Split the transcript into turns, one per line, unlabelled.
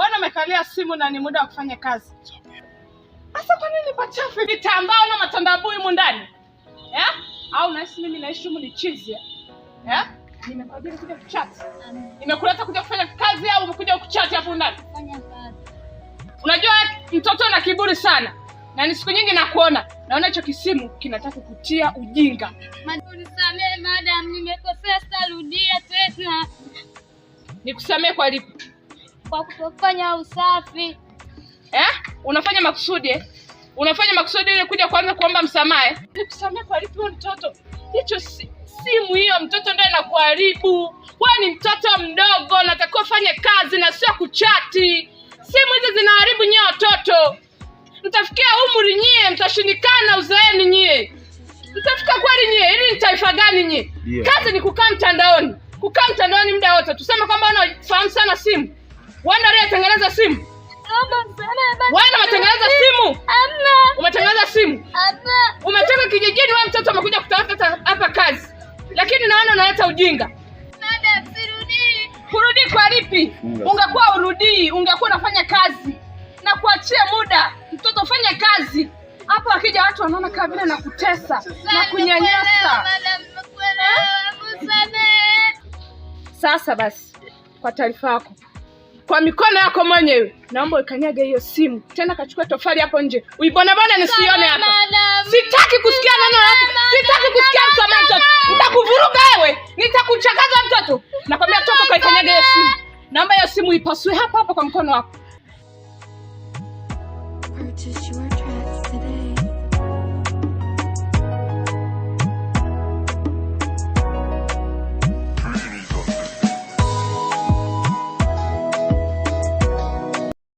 Mbona umekalia simu na ni muda wa kufanya kazi? Sasa kwa nini pachafu vitambao na matandabui humu ndani? Yeah? Au nahisi mimi naishi humu ni chizi? Yeah? Eh? Eh? Nimekuja kuja kuchati. Nimekuleta kuja kufanya kazi au umekuja kuchat hapo ndani? Fanya kazi. Unajua mtoto ana kiburi sana. Na ni siku nyingi nakuona. Naona hicho kisimu kinataka kutia ujinga.
Nisamee eh, madam, nimekosea, sitarudia tena.
Nikusamee kwa lipi?
kwa kutofanya usafi
eh? Unafanya makusudi eh? unafanya makusudi ile kuja kwanza kuomba msamaha. Eh? kwa palipo mtoto, hicho simu hiyo mtoto ndio inakuharibu wewe. Ni mtoto mdogo, unatakiwa fanye kazi na sio kuchati. Simu hizi zinaharibu nyie watoto, mtafikia umri nyie mtashindikana, uzeeni nyie mtafika kweli nyie. Hili ni taifa gani nyie? Kazi ni kukaa mtandaoni, kukaa mtandaoni muda wote, tuseme kwamba unafahamu sana simu wewe aliyetengeneza simu? Wewe umetengeneza simu?
Amna.
Umetengeneza simu? Amna. Umetoka kijijini wewe mtoto umekuja kutafuta hapa kazi. Lakini naona unaleta ujinga. Kurudi kwa lipi? Ungekuwa urudii, ungekuwa unafanya kazi na kuachia muda mtoto, fanya kazi hapo. Akija watu wanaona kama vile kutesa na kunyanyasa. Sasa basi, kwa taarifa yako kwa mikono yako mwenyewe, naomba ukanyage hiyo simu tena, kachukua tofali hapo nje uibonabone, nisione hapo. Sitaki kusikia neno lako, sitaki kusikia mtoto. Nitakuvuruga wewe, nitakuchakaza mtoto. Nakwambia toka, kaikanyage hiyo simu. Naomba hiyo simu ipasue hapo hapo kwa mkono wako. Artist,